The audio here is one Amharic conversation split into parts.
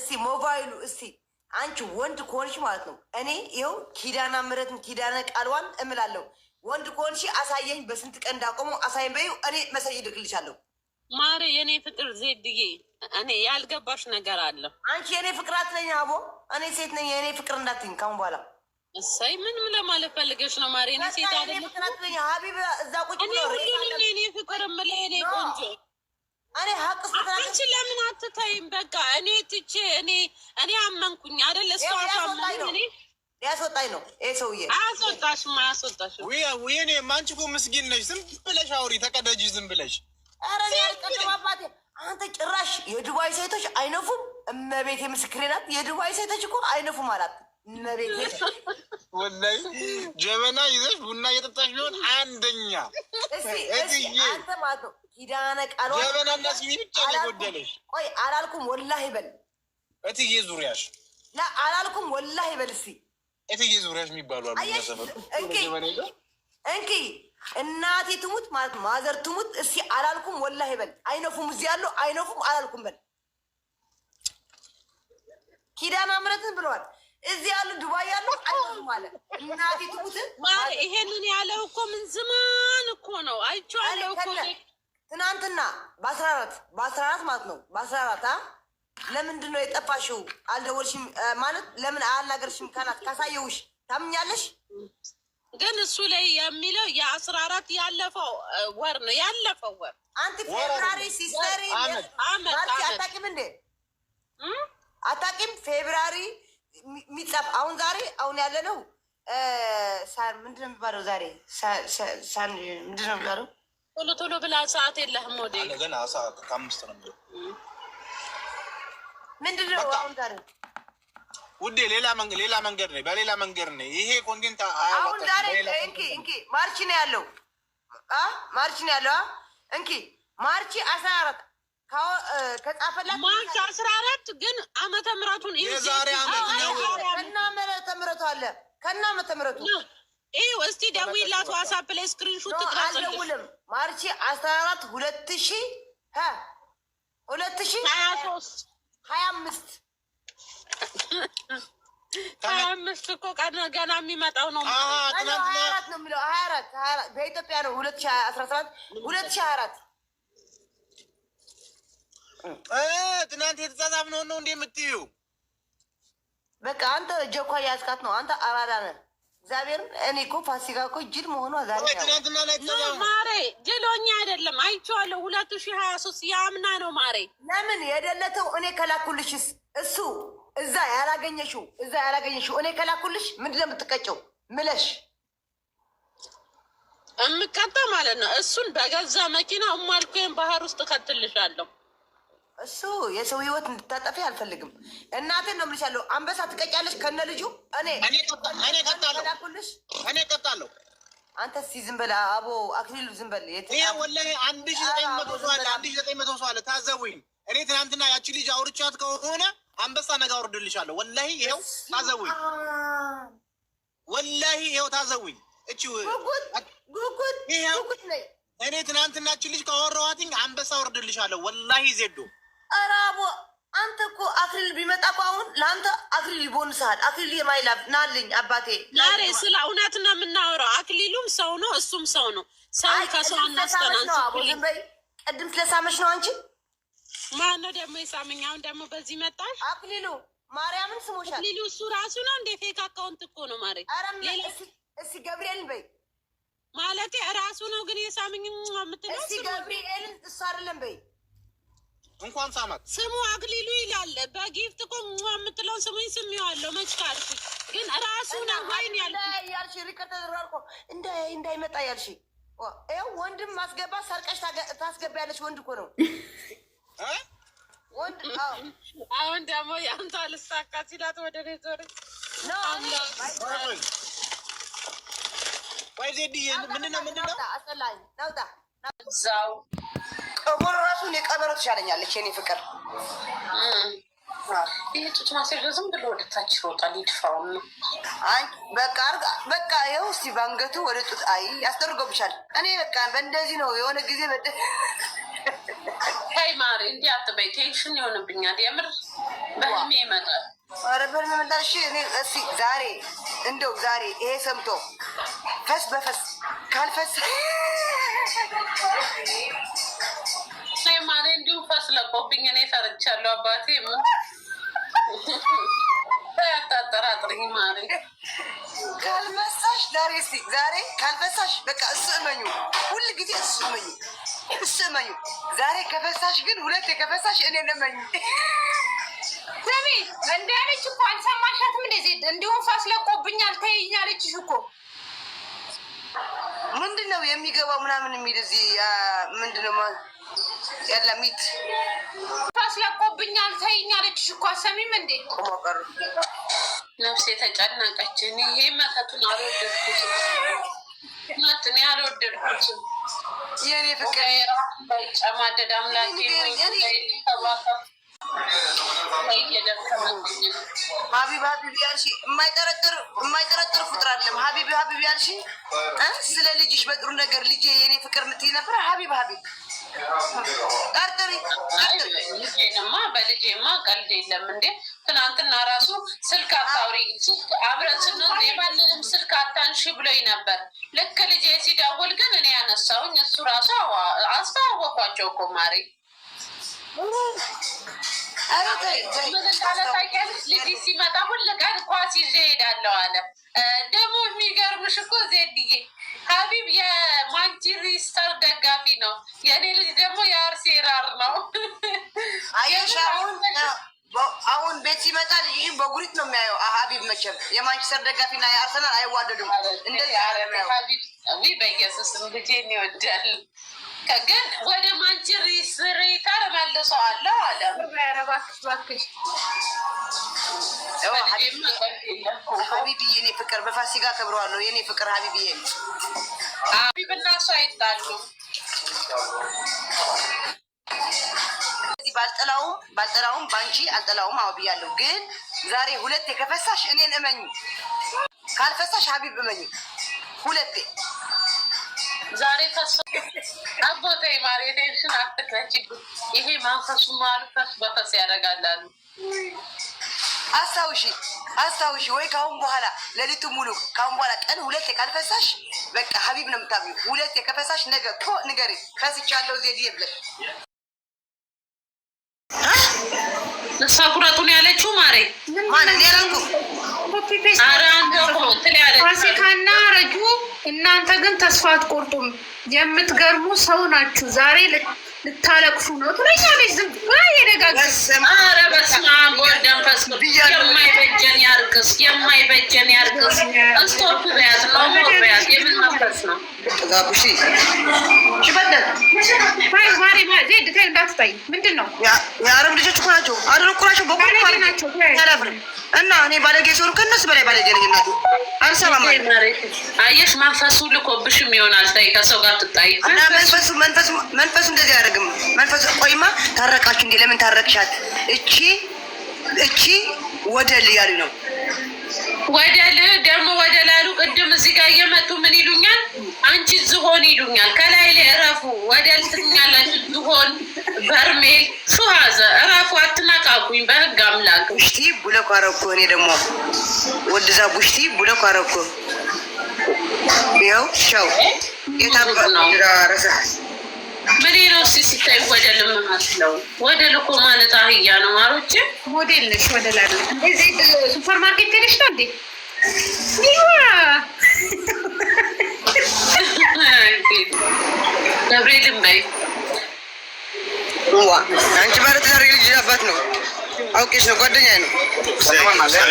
እስቲ ሞባይሉ እስቲ አንቺ ወንድ ከሆንሽ ማለት ነው። እኔ ይኸው ኪዳና ምሕረትን ኪዳነ ቃልዋን እምላለሁ። ወንድ ከሆንሽ አሳየኝ፣ በስንት ቀን እንዳቆመው አሳየኝ በይው። እኔ መሰጅ ይድርግልሻለሁ። ማሪ የኔ ፍቅር ዜድዬ፣ እኔ ያልገባሽ ነገር አለ። አንቺ የእኔ ፍቅር አትለኝ አቦ፣ እኔ ሴት ነኝ። የእኔ ፍቅር እንዳትኝ ካሁን በኋላ። እሰይ ምንም ለማለት ፈልገሽ ነው ማሪ? ሴት አለ ሀቢብ እዛ ቁጭ ሁሉንም የኔ ፍቅር ምለ የኔ ቆንጆ እኔ ሀቅ አንቺ ለምን አትተይም? በቃ እኔ ትቼ እኔ እኔ አመንኩኝ አይደል? እሱ ሊያስወጣኝ ነው ይሄ ሰውዬ። አያስወጣሽም፣ አያስወጣሽም። ወይኔ አንቺ እኮ ምስጊን ነሽ። ዝም ብለሽ አውሪ ተቀደጂ፣ ዝም ብለሽ ኧረ እኔ አልቀድም አንተ ጭራሽ የዱባይ ሴቶች አይነፉም። እመቤቴ ምስክሬ ናት። የዱባይ ሴቶች እኮ አይነፉም አላት ጀበና ይዘሽ ቡና እየጠጣሽ ቢሆን አንደኛ ጀበናና ሲኒ ብቻ ነው የጎደለሽ። ቆይ አላልኩም ወላሂ በል እትዬ ዙሪያሽ አላልኩም ወላሂ በል እስኪ እትዬ ዙሪያሽ የሚባሉ አሉ። እንኪ እናቴ ትሙት ማለት ማዘር ትሙት እስኪ አላልኩም ወላሂ በል አይነፉም፣ እዚህ ያለው አይነፉም አላልኩም በል ኪዳነ ምሕረትን ብለዋል። እዚህ ያሉ ዱባይ ያሉ አይዙም ይሄንን ያለው እኮ ምን ዝማን እኮ ነው አይቼዋለሁ እኮ ትናንትና በአስራ አራት በአስራ አራት ማለት ነው በአስራ አራት ለምንድን ነው የጠፋሽው? አልደወልሽም ማለት ለምን አላገርሽም? ካላት ካሳየውሽ ታምኛለሽ። ግን እሱ ላይ የሚለው የአስራ አራት ያለፈው ወር ነው ያለፈው ወር አንቲ ፌብራሪ ሲስተሪ አታቂም እንዴ አታቂም ፌብራሪ የሚጻፍ አሁን ዛሬ አሁን ያለ ነው። ምንድን ነው የሚባለው? ዛሬ ምንድን ነው የሚባለው? ቶሎ ቶሎ ብላ ሰዓት የለህም። ወደ ከአምስት ነው ምንድን ነው አሁን ዛሬ ውዴ ሌላ መንገድ ነው፣ በሌላ መንገድ ነው ይሄ ኮንቴንት። አሁን ዛሬ እንኪ እንኪ ማርች ነው ያለው፣ ማርች ነው ያለው። እንኪ ማርች አስራ አራት ማርች አስራ አራት ግን ዓመተ ምሕረቱን የዛሬ ዓመት ነው እና ዓመተ ምሕረቱ አለ ከና ዓመተ ምሕረቱ ይህ እስቲ ደውይላት ዋትስአፕ ላይ ስክሪንሹት ትቅራጽልም ማርች አስራ አራት ሁለት ሺ ሁለት ሺ ሀያ ሶስት ሀያ አምስት ሀያ አምስት እኮ ገና የሚመጣው ነው። ሀያ አራት ነው የሚለው ሀያ አራት በኢትዮጵያ ነው ሁለት ሺ አስራ ሰባት ሁለት ሺ ሀያ አራት ትናንት የተጻጻፍነውን ነው እንዴ የምትዩ በቃ አንተ ጀኳ ያዝካት ነው። አንተ አራዳ ነህ። እግዚአብሔርን እኔ እኮ ፋሲካ እኮ ጅል መሆኗ ዛሬ ማሬ ጅሎኛ አይደለም አይቼዋለሁ። ሁለቱ ሺህ ሀያ ሶስት የአምና ነው ማሬ። ለምን የደለተው እኔ ከላኩልሽስ እሱ እዛ ያላገኘሽው እዛ ያላገኘሽው እኔ ከላኩልሽ የምትቀጨው? ምለሽ እምቀጣ ማለት ነው። እሱን በገዛ መኪና ወይም ባህር ውስጥ እከትልሻለሁ። እሱ የሰው ህይወት እንድታጠፊ አልፈልግም። እናቴን ነው ያለው። አንበሳ ትቀጫለሽ ከነ ልጁ። እኔ እኔ እቀጣለሁ። አንተ እስኪ ዝም በል አቦ አክሊሉ ዝም በል። ወላሂ አንድ ሺህ ዘጠኝ መቶ ሰው አለ። አንድ ሺህ ዘጠኝ መቶ ሰው አለ። ታዘቡኝ። እኔ ትናንትና ያቺ ልጅ አውርቻት ከሆነ አንበሳ ነገ አውርድልሻለሁ። ወላሂ ይኸው ታዘቡኝ። ወላሂ ይኸው ታዘቡኝ። እቺ ጉጉት ይኸው እኔ ትናንትናችን ልጅ ካወራኋትኝ አንበሳ አውርድልሻለሁ። ወላሂ ዜዶ አራቦ አቦ አንተ እኮ አክሊል ቢመጣ እኮ አሁን ለአንተ አክሊል ይቦንሳል። አክሊል የማይላብ ናልኝ አባቴ ዛሬ ስለ እውነት ነው የምናወራው። አክሊሉም ሰው ነው፣ እሱም ሰው ነው። ሰው ከሰው እናስተናንበይ ቅድም ስለሳመሽ ነው አንቺ። ማነው ደግሞ የሳመኝ? አሁን ደግሞ በዚህ መጣል። አክሊሉ ማርያምን ስሞሻል። አክሊሉ እሱ ራሱ ነው እንደ ፌክ አካውንት እኮ ነው ማሬ። እስኪ ገብርኤል በይ ማለት ራሱ ነው ግን የሳምኝ ምትለ ገብርኤልን እሱ አይደለም በይ እንኳን ሳማት ስሙ አክሊሉ ይላል። በጊፍት እኮ የምትለውን ስሙኝ ስሚዋለው መች ካልሽ ግን ራሱ ነው ያልያልሽ ያልሽ ሪከርድ ተደራርቆ እንዳይመጣ ያልሽ ይኸው ወንድም ማስገባ ሰርቀሽ ታስገባ ያለች ወንድ እኮ ነው ወንድ። አሁን ደግሞ የአንተ አልሳካ ሲላት ወደ ሬዞር ወይ ዜድዬ ምንድነው ምንድነው አስፈላጊ ነውጣ እዛው ፀጉር ራሱ እኔ ቀበሮ ትሻለኛለች የኔ ፍቅር። ይህ ጡት ማስያዣ ዝም ብሎ ወደ ታች ይሮጣል። ይድፋው በቃ አርጋ በቃ ይኸው እስኪ ባንገቱ ወደ ጡት አይ ያስደርጎብሻል። እኔ በቃ በእንደዚህ ነው የሆነ ጊዜ በደ ሄይ ማሪ እንዲህ አትበይ፣ ቴንሽን ይሆንብኛል። የምር በህሜ ይመጣል። ኧረ በህሜ እስኪ ዛሬ እንደው ዛሬ ይሄ ሰምቶ ፈስ በፈስ ካልፈስ ዩንፋስ ለቆብኝ እኔ ፈርቻለሁ። አባቴ ያታጠራጥርኝ ማሪ ካልመሳሽ ዛሬ ስ ዛሬ ካልፈሳሽ በቃ እሱ እመኙ፣ ሁል ጊዜ እሱ እመኙ፣ እሱ እመኙ። ዛሬ ከፈሳሽ ግን ሁለት ከፈሳሽ እኔ እመኙ። ስሚ እንደ አለች እኮ አልሰማሻትም? እንደዚ እንዲሁም ፋስ ለቆብኛል ተይኝ አለችሽ እኮ ምንድን ነው የሚገባው ምናምን የሚል እዚህ ምንድን ነው የለሚት ታስለቆብኛል ተይኝ አለችሽ እኮ አሰሚም እንዴ ቁሞቀሩ ነፍሴ ተጨነቀች። ይሄ መተቱን አልወደድኩትም፣ መትን አልወደድኩትም። የኔ ፍቅር ባይጨማደድ አምላኬ ሀቢብ ሀቢብ ያልሽ የማይጠረጥር የማይጠረጥር ፍጥር አለም። ሀቢብ ሀቢብ ያልሽ ስለ ልጅሽ በጥሩ ነገር ልጄ የኔ ፍቅር የምትይ ነበር ሀቢብ ሀቢብ ቀርጥሪ ልጄንማ በልጄማ ቀልድ የለም እንዴ! ትናንትና ራሱ ስልክ አታውሪ አብረን ስንት የማንንም ስልክ አታንሺ ብሎኝ ነበር። ልክ ልጄ ሲደውል ግን እኔ ያነሳውኝ እሱ ራሱ አስተዋወኳቸው እኮ ማሬ ልጅ ሲመጣ ሁል ቀን ኳስ ይዤ እሄዳለሁ አለ። ደግሞ የሚገርምሽ እኮ ዜድዬ ሀቢብ የማንችስተር ደጋፊ ነው። የእኔ ልጅ ደግሞ የአርሴናል ነው። አሁን ቤት ሲመጣ ይህም በጉሪት ነው የሚያየው። ሀቢብ መቼም የማንቸስተር ደጋፊና የአርሰናል አይዋደዱም። እንደዚህ በኢየሱስ ልጄን ይወዳል። ግን ወደ ማንችሪ ስሬታ እመልሰዋለሁ አለ። ሀቢብዬ የኔ ፍቅር በፋሲካ ከብረዋለሁ። የኔ ፍቅር ሀቢብዬ ሀቢብና እሷ ይጣሉ። ባልጠላውም ባልጠላውም ባንቺ አልጠላውም። አዎ ብያለሁ። ግን ዛሬ ሁለቴ ከፈሳሽ እኔን እመኝ፣ ካልፈሳሽ ሀቢብ እመኝ ሁለቴ ዛሬ ከሱ አቦተ ማር የቴንሽን ይሄ መንፈሱ በፈስ ያደርጋላሉ። አስታውሺ አስታውሺ፣ ወይ በኋላ ሌሊቱ ሙሉ በኋላ ቀን ካልፈሳሽ በቃ ሀቢብ ነው የምታብዩ። ከፈሳሽ ነገ ኮ ንገሪ ብለሽ ቁረጡን ያለች ማሬ ፋሲካና ረጁ እናንተ ግን ተስፋ አትቆርጡም። የምትገርሙ ሰው ናችሁ ዛሬ ልታለቅሱ ነው ትለኛለች። ዝም ብላ የደጋግመንፈስ የማይበጀን ያርቅስ፣ የማይበጀን ያርቅስ። እስቶፕ በያዝ ነው በያዝ የምን መንፈስ ነው? የአረብ ልጆች እኮ ናቸው፣ አረብ እኮ ናቸው፣ እና እኔ ባለጌ ሲሆኑ ከእነሱ በላይ ባለጌ ነኝ። አልሰማም። አየሽ መንፈሱ ልኮብሽም ይሆናል። ታይ ከሰው ጋር ትታይ መንፈሱ እንደዚህ አታረግም። መንፈስ ቆይማ ታረቃችሁ እንዴ? ለምን ታረቅሻት? እቺ እቺ ወደ ልያሉ ነው ወደ ል ደግሞ ወደ ላሉ ቅድም እዚህ ጋር እየመጡ ምን ይሉኛል? አንቺ ዝሆን ይሉኛል። ከላይ ላይ እረፉ ወደል ትኛላችሁ። ዝሆን በርሜል ሹሃዘ እረፉ፣ አትነቃቁኝ በህግ አምላክ። ቡሽቲ ቡለኮ አረኮ እኔ ደግሞ ወደዛ ቡሽቲ ቡለኮ አረኮ ይኸው ሻው የታባ ረሳ በሌላው ሲ ሲታይ ወደ ነው ወደ ልኮ ማለት አህያ ነው። ማሮች ሞዴል ነሽ። ወደ ላይ እንደዚህ ሱፐር ማርኬት ነው እንዴ? ገብርኤልን በይ አንቺ ማለት ለሪ ልጅ አባት ነው አውቄሽ ነው፣ ጓደኛ ነው። ኑሮ ይመስላል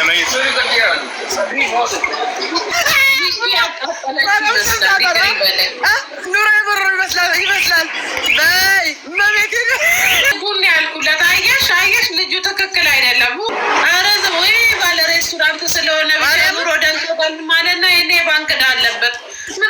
ይመስላል። በይ መቤት ያልኩለት አየሽ፣ አየሽ ልጁ ትክክል አይደለም። ኧረ ወይ ባለ ሬስቶራንት ስለሆነ ብሮ ማለት ነው። የኔ ባንክ አለበት ምን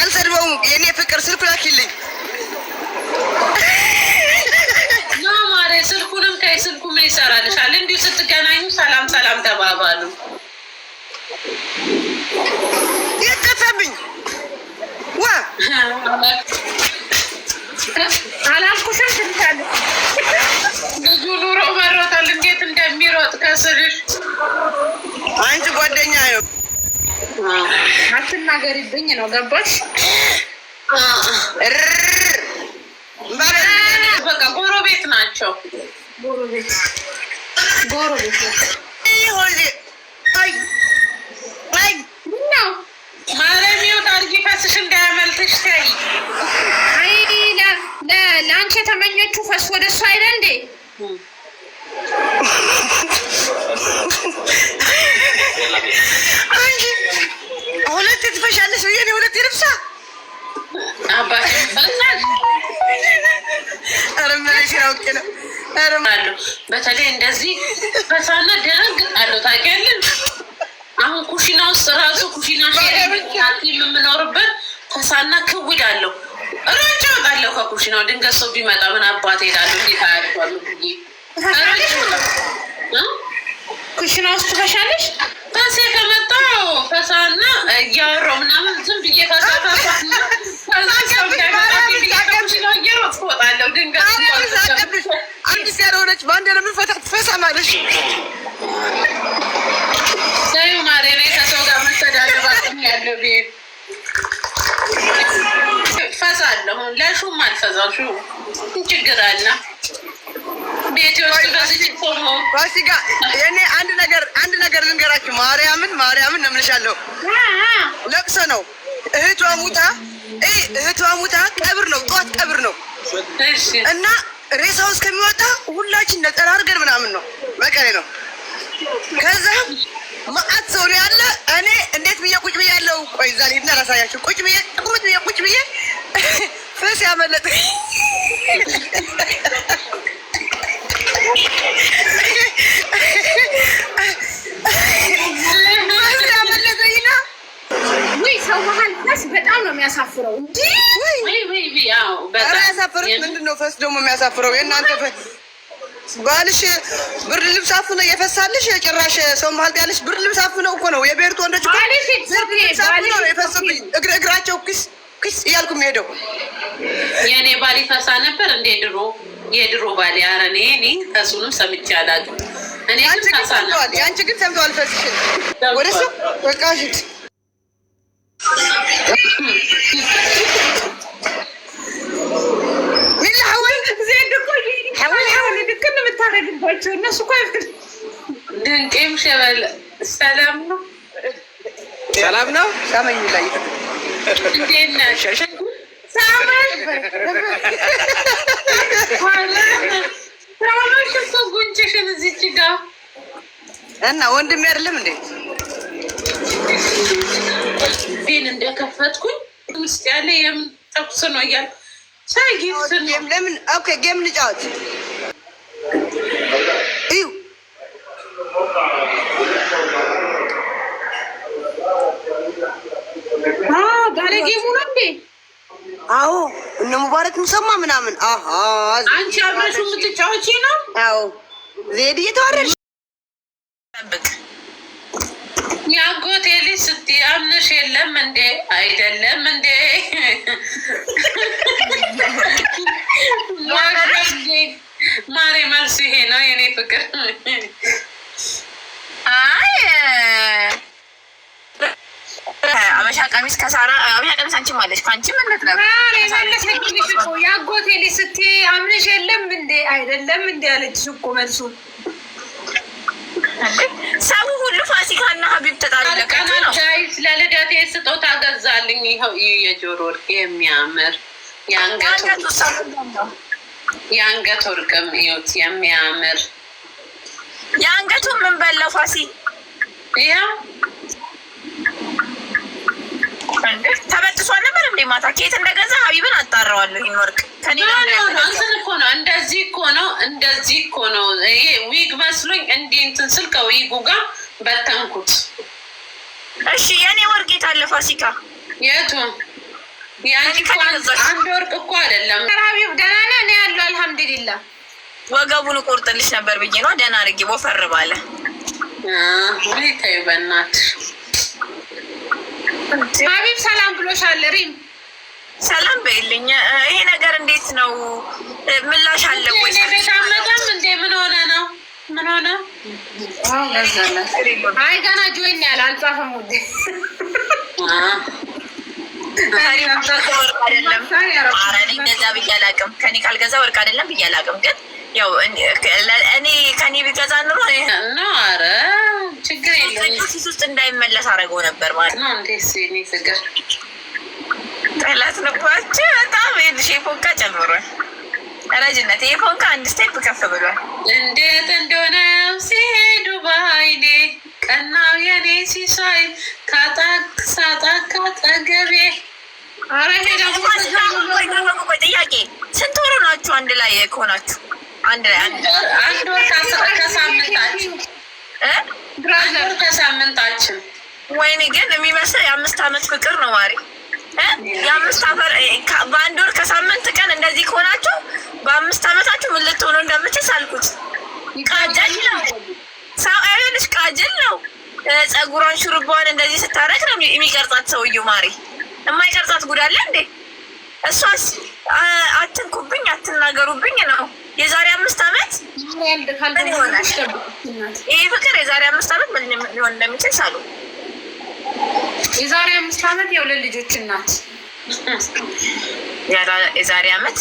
አልሰድበውም። የእኔ ፍቅር ስልኩ ላኪልኝ። ማሬ ስልኩንም ከይ ስልኩ ምን ይሰራልሻል? እንዲሁ ስትገናኙ ሰላም ሰላም ተባባሉ። የጠፋብኝ ዋ አላልኩሽም። ትንታለ ልጁ ኑሮ መሮታል። እንዴት እንደሚሮጥ ከስልሽ አንቺ ጓደኛ ነው አትናገሪብኝ ነው ገባሽ? በቃ ጎረቤት ናቸው። ማረሚው ታርጊ ፈስሽ እንዳያመልጥሽ ተይ። አይ ለአንቺ የተመኘችው ፈስ ወደ እሱ አይደል እንዴ? ሁለቴ ትፈሻለሽ ብዬ እኔ ሁለቴ ልብሳ በተለይ እንደዚህ ፈሳና ደረግ አለው ታውቂያለሽ። አሁን ኩሽና ውስጥ ራሱ ኩሽና የምኖርበት ፈሳና ክውድ አለው ሮጬ እወጣለሁ ከኩሽናው። ድንገት ሰው ቢመጣ ምን አባት ሄዳለሁ እንዴት አያልኳሉ ብዬ ኩሽና ውስጥ ትፈሻለሽ? ከሴ ከመጣው ፈሳና እያወራሁ ምናምን ዝም ብዬ አንዲት ያልሆነች በአንድ ለምን ፈታ ትፈሳ ማለሽ? ማሬ ከሰው ጋር መተዳደር ፈሳለሁ። ለሹም ችግር አለ እኔ አንድ ነገር አንድ ነገር ልንገራችሁ። ማርያምን ማርያምን እምልሻለሁ ለቅሶ ነው። እህቷ ሙታ እህቷ ሙታ ቀብር ነው፣ ጠዋት ቀብር ነው እና ሬሳው እስከሚወጣ ሁላችን ነጠላ ምናምን ነው መቀሌ ነው። ከዛ መአት ሰው ነው ያለ። እኔ እንዴት ብዬ ቁጭ ብዬ ያለው ቆይ እዛ ሊድና ላሳያችሁ። ቁጭ ብዬ ቁጭ ብዬ ቁጭ ብዬ ፍስ ያመለጥ በጣም ነው የሚያሳፍረው። ባልሽ ብር ልብስ አፍነው የፈሳልሽ የጭራሽ ሰው መሀል ያለሽ ብር ልብስ አፍነው እኮ ነው የቤርቱ ወንዶች የፈሰብኝ እግራቸው ክስ ክስ እያልኩ የሚሄደው የእኔ ባል ይፈሳ ነበር እንዴ ድሮ የድሮ ባል ያረኔ እኔ ከሱንም ሰምቼ አላውቅም። አንቺ ግን ሰምተዋል። ፈስሽን ወደ እሱ በቃ ሂድ። ድንቄም ሸበል ሰላም ነው፣ ሰላም ነው። እና ወንድም አይደለም እንዴ? ቤን እንደከፈትኩኝ ውስጥ ያለ የምን ተኩስ ነው እያልኩ ለምን ኦኬ፣ ጌም እንጫወት። እዩ ዛሬ ነው እንዴ? አዎ እነ ሙባረክ ምሰማ ምናምን። አሃ አንቺ አብረሹ የምትጫወቺ ነው? አዎ ዜድ እየተዋረድሽ ጠብቅ። ያጎቴ ልጅ ስትይ አምነሽ የለም እንዴ? አይደለም እንዴ? ማሬ መልሱ ይሄ ነው የኔ ፍቅር። አይ አበሻ ቀሚስ ከሳራ አበሻ ቀሚስ አንቺም አለሽ ከአንቺ ምነት ነው ያጎቴ ልጅ ስትይ አምነሽ የለም እንዴ አይደለም እንዴ አለችሽ እኮ መልሱ ሰው ሁሉ ፋሲካና ሀቢብ ተጣለቀ ነው። ለልደቴ ስጦታ ገዛልኝ። ይኸው የጆሮ ወርቅ የሚያምር የአንገት ወርቅም ይኸውት የሚያምር የአንገቱ ምን በለው ፋሲ ይኸው ተበጥሷ ነበር እንዴ? ማታ ኬት እንደገዛ ሀቢብን አጣራዋለሁ። ይህን ወርቅ እኮ ነው፣ እንደዚህ እኮ ነው፣ እንደዚህ እኮ ነው። ይሄ ዊግ መስሎኝ እንዲህ እንትን ስል ከዊጉ ጋር በተንኩት። እሺ የእኔ ወርቅ የታለ ፋሲካ? የቱ የአንቺ አንድ ወርቅ እኮ አይደለም። ሀቢብ ደህና ነህ? እኔ ያለው ወገቡን ቁርጥልሽ ነበር ብዬ ነው። ደህና አድርጌ ወፈር ባለ ተይው በእናትሽ ሀቢብ ሰላም ብሎሻል። ሪም ሰላም በይልኝ። ይሄ ነገር እንዴት ነው? ምላሽ አለ ወይ? በሻመጣም እንዴ ምን ሆነ ነው? ምን ሆነ? አይ ገና ጆይን ያለ አልጻፈም። ውዴ ወርቅ አይደለም። ኧረ እኔ ገዛ ብዬ አላውቅም። ከኔ ካልገዛ ወርቅ አይደለም ብዬ አላውቅም ግን ያው እኔ ከኔ ቢገዛ ኑሮ እና ኧረ ችግር የለም ውስጥ እንዳይመለስ አድርገው ነበር ማለት ነው። እንዴት ኔ ፍቅር ጠላት ነባቸው በጣም ሽ ፎንካ ጨምሯል። ረጅነት ይህ ፎንካ አንድ ስቴፕ ከፍ ብሏል። እንዴት እንደሆነ ሲሄዱ በሀይሌ ቀናው የኔ ሲሳይ ካጣክ ሳጣካ ጠገቤ አረ ሄዳ ጥያቄ ስንት ወሩ ናችሁ አንድ ላይ ከሆናችሁ? አንድ ላይ አንድ ወር ከሳምንታችን ብራዘር ከሳምንታችን። ወይኔ ግን የሚመስል የአምስት አመት ፍቅር ነው ማሪ። የአምስት አፈር በአንድ ወር ከሳምንት ቀን እንደዚህ ከሆናችሁ በአምስት አመታችሁ ምን ልትሆኑ እንደምችል አልኩት። ቃጀል ነው ሰው አይሆንሽ፣ ቃጀል ነው። ጸጉሯን ሹርቧን እንደዚህ ስታረግ ነው የሚቀርጻት ሰውዬው ማሪ። የማይቀርጻት ጉዳለ እንዴ? እሷስ አትንኩብኝ፣ አትናገሩብኝ ነው። የዛሬ አምስት ዓመት ምን ይሆናል ይህ ፍቅር? የዛሬ አምስት ዓመት ምን ሊሆን እንደሚችል ሳሉ የዛሬ አምስት ዓመት የሁለት ልጆች እናት የዛሬ ዓመት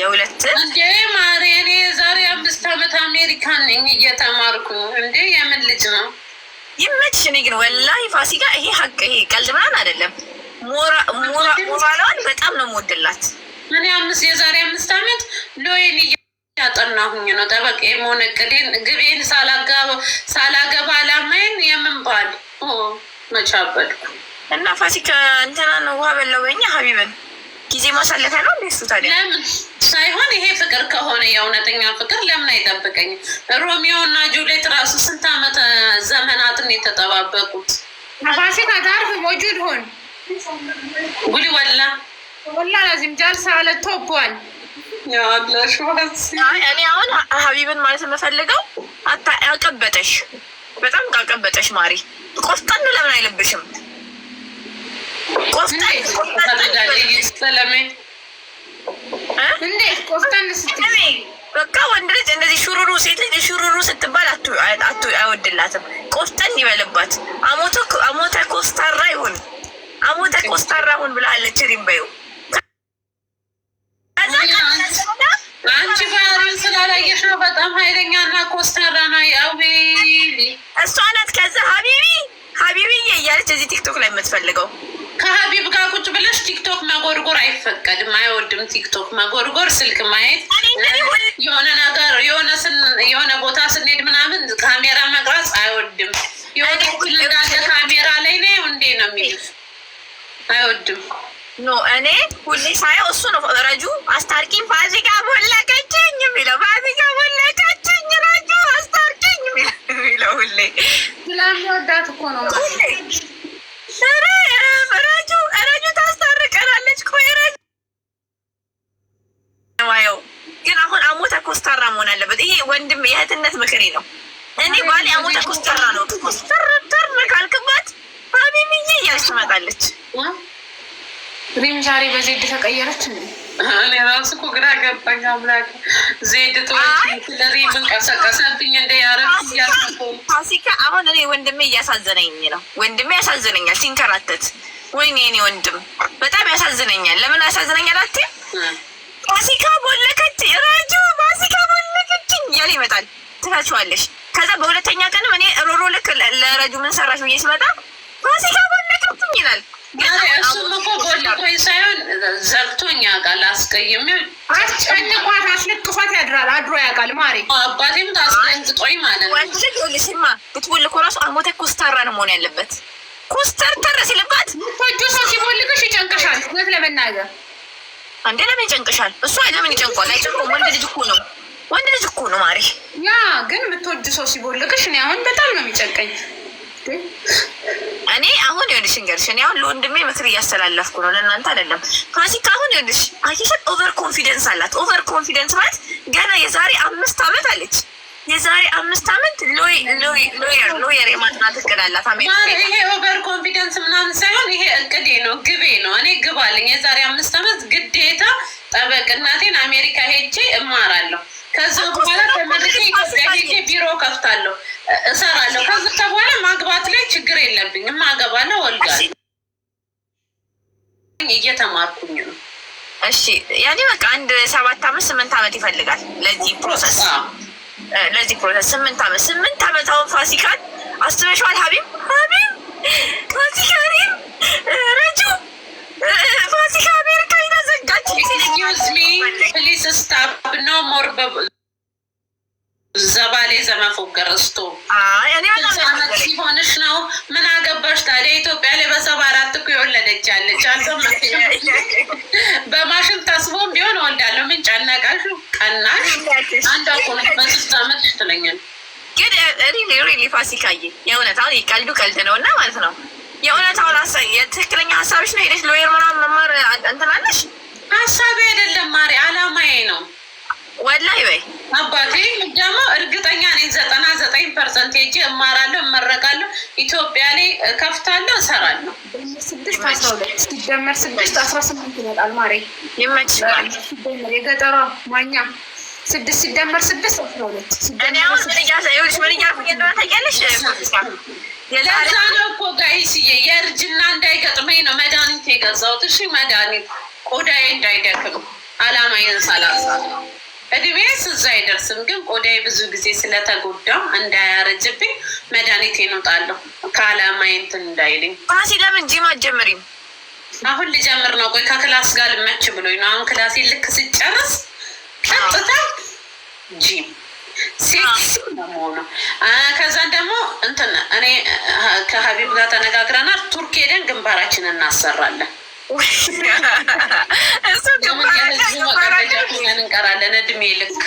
የሁለት እንዴ ማሬ፣ እኔ የዛሬ አምስት ዓመት አሜሪካን ነኝ እየተማርኩ እንዴ። የምን ልጅ ነው? ይመችሽ። እኔ ግን ወላሂ ፋሲካ፣ ይሄ ሀቅ፣ ይሄ ቀልድ ምናምን አይደለም። ሞራሏን በጣም ነው የምወድላት። እኔ አምስት የዛሬ አምስት ዓመት ሎይን ያጠናሁኝ ነው ጠበቃ የመሆን እቅዴን ግቤን ሳላገባ አላማይን የምን ባል እና ፋሲካ እንትና ነው ውሃ በላው በኛ ሀቢብን ጊዜ ማሳለፊያ ነው እንደሱ። ታዲያ ሳይሆን ይሄ ፍቅር ከሆነ የእውነተኛ ፍቅር ለምን አይጠብቀኝም? ሮሚዮ እና ጁሌት ራሱ ስንት ዓመት ዘመናትን የተጠባበቁት ፋሲካ ታርፍ ሞጁድ ሆን ጉድ ወላ ወላ ላዚም ጃልሳ አለ ቶቧል። እኔ አሁን ሀቢብን ማለት የምፈልገው አቀበጠሽ፣ በጣም አቀበጠሽ። ማሪ ቆፍጠን ለምን አይለብሽም? በቃ ወንድ ልጅ እንደዚህ ሹሩሩ፣ ሴት ልጅ ሹሩሩ ስትባል አይወድላትም። ቆፍጠን ይበልባት። አሞተ ኮስታራ ይሁን አሞተ ኮስታራ ሁን ብላለች። ሪምበዩ አንቺ ባህሪ ስላላየሽ ነው። በጣም ኃይለኛ እና ኮስታራ ነው። እሷ ናት። ሀቢቢ ሀቢቢ እያለች እዚህ ቲክቶክ ላይ የምትፈልገው ከሀቢብ ጋር ቁጭ ብለሽ ቲክቶክ መጎርጎር አይፈቀድም። አይወድም ቲክቶክ መጎርጎር፣ ስልክ ማየት፣ የሆነ ነገር የሆነ ቦታ ስንሄድ ምናምን ካሜራ መቅረጽ አይወድም። የሆነ ካሜራ ላይ ነው እንዴ ነው አይወድም። ኖ እኔ ሁሌ ሳየው እሱ ነው ረጁ አስታርቂኝ፣ ፋሲካ ቦለቀችኝ የሚለው ፋሲካ ቦለቀችኝ፣ ረጁ አስታርቂኝ የሚለው ሁሌ ስለሚወዳት እኮ ነው። ረጁ ኮስታራ መሆን አለበት። ይሄ ወንድም የእህትነት ምክሬ ነው። እኔ ባሌ አሞተ ኮስታራ ነው። ኮስተር ካልክባት ሀቢብዬ እያለች ትመጣለች። ሪም ዛሬ በዜድ ተቀየረች። እኔ እራሱ እኮ ግራ ገባኝ። አምላክ ዜድ ሪም እንቀሰቀሰብኝ እንደ ያረብ ፋሲካ። አሁን እኔ ወንድሜ እያሳዘነኝ ነው። ወንድሜ ያሳዝነኛል ሲንከራተት። ወይኔ የኔ ወንድም በጣም ያሳዝነኛል። ለምን ያሳዝነኛል አትይም? ፋሲካ ቦለከች ራጁ ፋሲካ ቦለከችኝ እያለ ይመጣል። ትታችኋለሽ። ከዛ በሁለተኛ ቀንም እኔ ሮሮ ልክ ለረጁ ምን ሰራሽ ብዬ ስመጣ ፋሲካ ቦለቀብኝ ይላል። እሱም እኮ ቦልኮኝ ሳይሆን ዘግቶኝ ያውቃል። አስቀይሜው አስጨንቋት አስለቅሷት ያድራል አድሮ ያውቃል። ማሬ አባቴም ታስቀንጥጦኝ ማለት ነው። ልስማ ብትቦልኮ ራሱ አሞተ ኮስታራ ነው መሆን ያለበት። ኮስተር ተረ ሲልባት ጆ ሰው ሲቦልቅሽ ይጨንቅሻል። እውነት ለመናገር አንዴ ለምን ይጨንቅሻል? እሱ ለምን ይጨንቋል? አይጨንቆም። ወንድ ልጅ እኮ ነው ወንድ ልጅ እኮ ነው ማሪ። ያ ግን የምትወድ ሰው ሲቦልቅሽ እኔ አሁን በጣም ነው የሚጨንቀኝ። እኔ አሁን ይኸውልሽ እንገርሽ እኔ አሁን ለወንድሜ ምክር እያስተላለፍኩ ነው፣ ለእናንተ አይደለም። ፋሲካ አሁን ይኸውልሽ አየሽ፣ ኦቨር ኮንፊደንስ አላት። ኦቨር ኮንፊደንስ ማለት ገና የዛሬ አምስት አመት አለች የዛሬ አምስት አመት ሎየር ሎየር የማጥናት እቅድ አላት። ይሄ ኦቨር ኮንፊደንስ ምናምን ሳይሆን ይሄ እቅዴ ነው፣ ግቤ ነው። እኔ ግብ አለኝ። የዛሬ አምስት አመት ግዴታ ጠበቅ እናቴን አሜሪካ ሄጄ እማራለሁ ከዛ በኋላ ተመልሼ ኢትዮጵያ ሄጄ ቢሮ ከፍታለሁ፣ እሰራለሁ። ከዛ በኋላ ማግባት ላይ ችግር የለብኝም። አገባለሁ፣ ወልዳለሁ፣ እየተማርኩኝ ነው። እሺ ያኔ በቃ አንድ ሰባት አመት ስምንት አመት ይፈልጋል ለዚህ ፕሮሰስ ለዚህ ፕሮሰስ ስምንት አመት ስምንት አመት አሁን ፋሲካን አስበሽዋል ሀቢም ሀቢም ነገር እስቶ ዓመት ሲሆንሽ ነው። ምን አገባሽ ታዲያ? ኢትዮጵያ ላይ በሰባ አራት እኮ የወለደች ያለች በማሽን ታስቦም ቢሆን እወልዳለሁ። ምን ጨነቀሽ? ቀናሽ አንድ አኮነ በሶስት ዓመት ትለኛል። ግን ሪሊ ሪሊ ፋሲካዬ የእውነት አሁን ቀልዱ ቀልድ ነው እና ማለት ነው የእውነት አሁን የትክክለኛ ሀሳብሽ ነው። ሄደሽ ሎየር ምናምን መማር እንትን አለሽ ሀሳቤ አይደለም ማሪ አላማዬ ነው። ወላይ በይ አባቴ ደግሞ እርግጠኛ ነኝ ዘጠና ዘጠኝ ፐርሰንት ሄጄ እማራለሁ፣ እመረቃለሁ፣ ኢትዮጵያ ላይ ከፍታለሁ፣ እሰራለሁ። ስድስት አስራ ሁለት ሲደመር ስድስት አስራ ስምንት ይመጣል። ማሬ ይመችላል። የገጠሯ ማኛ ስድስት ሲደመር ስድስት አስራ ሁለት እኔ አሁን ምን እያልሽ ምን እያልኩኝ ታውቂያለሽ። ለዛ ነው እኮ ጋይስዬ የእርጅና እንዳይገጥመኝ ነው መድኃኒት የገዛሁት። እሺ መድኃኒት ቆዳዬ እንዳይደክም አላማዬን ሳላሳ እድሜስ እዛ አይደርስም፣ ግን ቆዳዬ ብዙ ጊዜ ስለተጎዳው እንዳያረጅብኝ መድኃኒት ይኖጣለሁ ካለማይንትን እንዳይልኝ። ራሴ ለምን ጂም አትጀምሪም? አሁን ልጀምር ነው። ቆይ ከክላስ ጋር ልመች ብሎኝ ነው። አሁን ክላሴ ልክ ስጨርስ ቀጥታ ጂም ሴክስ ለመሆኑ ከዛን ደግሞ እንትን እኔ ከሀቢብ ጋር ተነጋግረናል። ቱርክ ሄደን ግንባራችን እናሰራለን። እሱ እንቀራለን እድሜ ልክ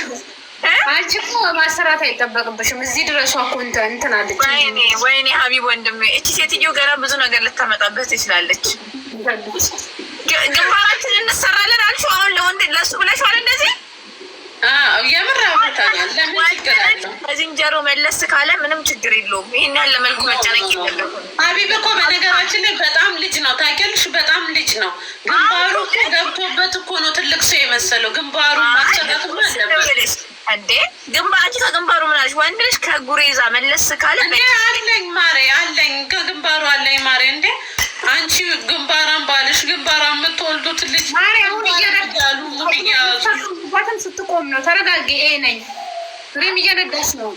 አንቺ እኮ ማሰራት አይጠበቅብሽም። እዚህ ድረሷ እኮ እንትን አለች። ወይኔ ወይኔ፣ ሀቢብ ወንድሜ፣ እቺ ሴትዮ ገና ብዙ ነገር ልታመጣበት ትችላለች። ግንባራችን እንሰራለን አልሽው። አሁን ለወንድ ለሱ ብለሽዋል እንደዚህ ዝንጀሮ መለስ ካለ ምንም ችግር የለውም። ይህን ያለ መልኩ መጨነቅ የለውም። ሀቢብ እኮ በነገራችን ላይ በጣም ልጅ ነው ታውቂያለሽ፣ በጣም ልጅ ነው። ግንባሩ ገብቶበት እኮ ነው ትልቅ ሰው የመሰለው። ግንባሩ ማቸጋት አለበት እንዴ ግንባጅ ከግንባሩ ምን አለሽ? ወንድ ልጅ ከጉሬዛ መለስ ካለ አለኝ ማሬ አለኝ፣ ከግንባሩ አለኝ ማሬ። እንዴ አንቺ ግንባራን ባልሽ ግንባራ የምትወልዱት ልጅ ማሬ አሁን እየረዳሉ ሙያ ስትባትም ስትቆም ነው። ተረጋጊ። ይሄ ነኝ ሪም እየነዳች ነው።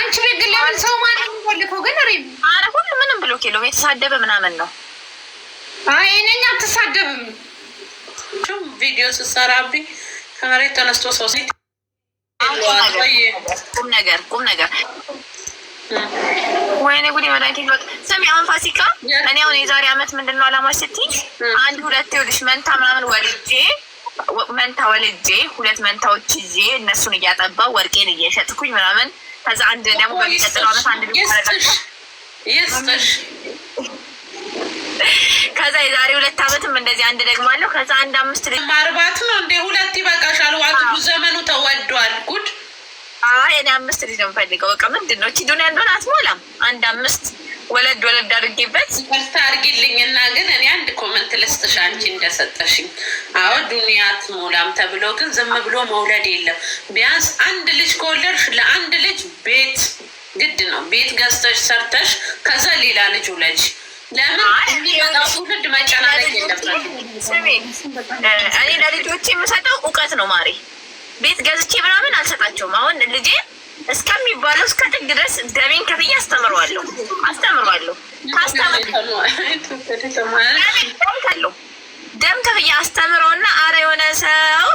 አንቺ ቤት ግን ለምን ሰው ማለት የሚፈልገው ግን ሪም አረ ሁሉ ምንም ብሎ ኪሎ የተሳደበ ምናምን ነው። አይ ነኝ አትሳደብም። ቹም ቪዲዮ ስትሰራብኝ ከመሬት ተነስቶ ሰው ሴት ቁም ነገር ቁም ነገር ወይኔ ጉዴ መድኃኒቴ ይወጥ። ስሚ አሁን ፋሲካ፣ እኔ አሁን የዛሬ አመት ምንድን ነው አላማሽ ስትይ አንድ ሁለት ይኸውልሽ መንታ ምናምን ወልጄ መንታ ወልጄ ሁለት መንታዎች ይዤ እነሱን እያጠባው ወርቄን እየሸጥኩኝ ምናምን ከዛ አንድ ደግሞ በሚቀጥለው ዓመት አንድ ከዛ የዛሬ ሁለት አመትም እንደዚህ አንድ ደግሞ አለው። ከዛ አንድ አምስት ልጅ ማርባት ነው እንዴ? ሁለት ይበቃሻል። ዋግዱ ዘመኑ ተወዷል። ጉድ እኔ አምስት ልጅ ነው የምፈልገው። በቃ ምንድን ነው ቺ ዱኒያ እንደሆነ አትሞላም። አንድ አምስት ወለድ ወለድ አድርጌበት ይቅርታ አድርጊልኝና ግን እኔ አንድ ኮመንት ልስጥሽ፣ አንቺ እንደሰጠሽኝ። አዎ ዱኒያ አትሞላም ተብሎ ግን ዝም ብሎ መውለድ የለም። ቢያንስ አንድ ልጅ ከወለድሽ ለአንድ ልጅ ቤት ግድ ነው። ቤት ገዝተሽ ሰርተሽ ከዛ ሌላ ልጅ ውለጅ። ለምን የሚመጣው እኔ ለልጆቼ የምሰጠው እውቀት ነው ማሬ። ቤት ገዝቼ ምናምን አልሰጣቸውም። አሁን ልጄ እስከሚባለው እስከ ጥግ ድረስ ደሜን ከፍዬ አስተምረዋለሁ አስተምረዋለሁ ታስተምረለሁ ደም ከፍዬ አስተምረውና አረ የሆነ ሰው